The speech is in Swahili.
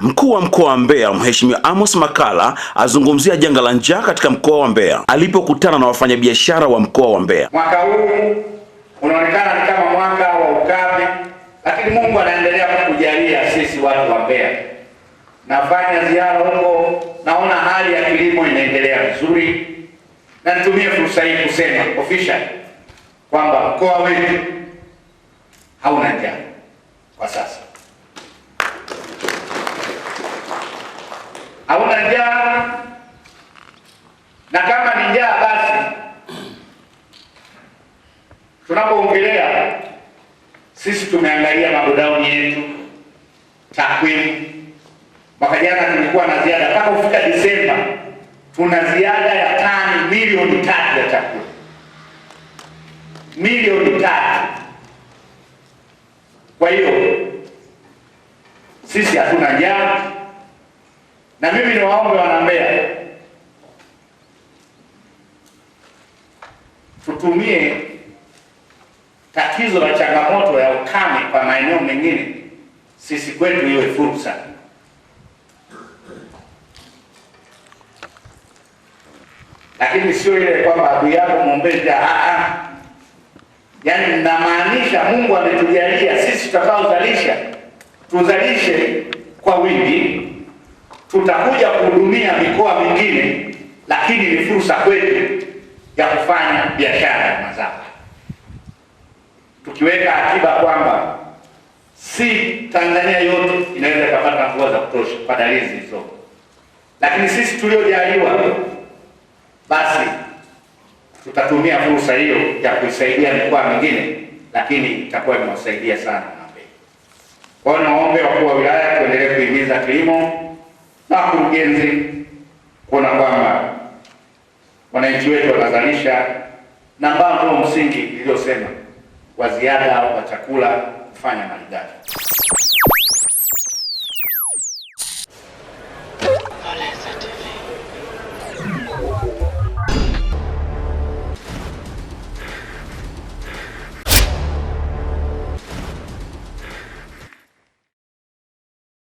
Mkuu wa mkoa wa Mbeya Mheshimiwa Amos makala azungumzia janga la njaa katika mkoa wa Mbeya alipokutana na wafanyabiashara wa mkoa wa Mbeya. Mwaka huu unaonekana ni kama mwaka wa ukame, lakini Mungu anaendelea kukujalia sisi watu wa Mbeya. Nafanya ziara huko, naona hali ya kilimo inaendelea vizuri, na nitumie fursa hii kusema official kwamba mkoa wetu hauna njaa kwa sasa. hauna njaa, na kama ni njaa basi tunapoongelea sisi tumeangalia magodauni yetu, takwimu. Mwaka jana tulikuwa na ziada mpaka kufika Desemba, tuna ziada ya tani milioni tatu ya chakula, milioni tatu. Kwa hiyo sisi hatuna njaa na mimi ni waombe wana Mbeya, tutumie tatizo la changamoto ya ukame kwa maeneo mengine sisi kwetu iwe fursa. Lakini sio ile kwamba adui yako mwombea. Yaani mnamaanisha Mungu ametujalia sisi tutakaozalisha tuzalishe kwa wingi tutakuja kuhudumia mikoa mingine, lakini ni fursa kwetu ya kufanya biashara ya mazao, tukiweka akiba kwamba si Tanzania yote inaweza ikapata mvua za kutosha kwa dalili zilizoko, lakini sisi tuliojaliwa basi tutatumia fursa hiyo ya kuisaidia mikoa mingine, lakini itakuwa imewasaidia sana. Kwa hiyo naombe wakuu wa wilaya tuendelee kuhimiza kilimo na kurugenzi kuona kwamba wananchi wetu wanazalisha na mbao msingi niliyosema wa ziada wa chakula kufanya malighafi.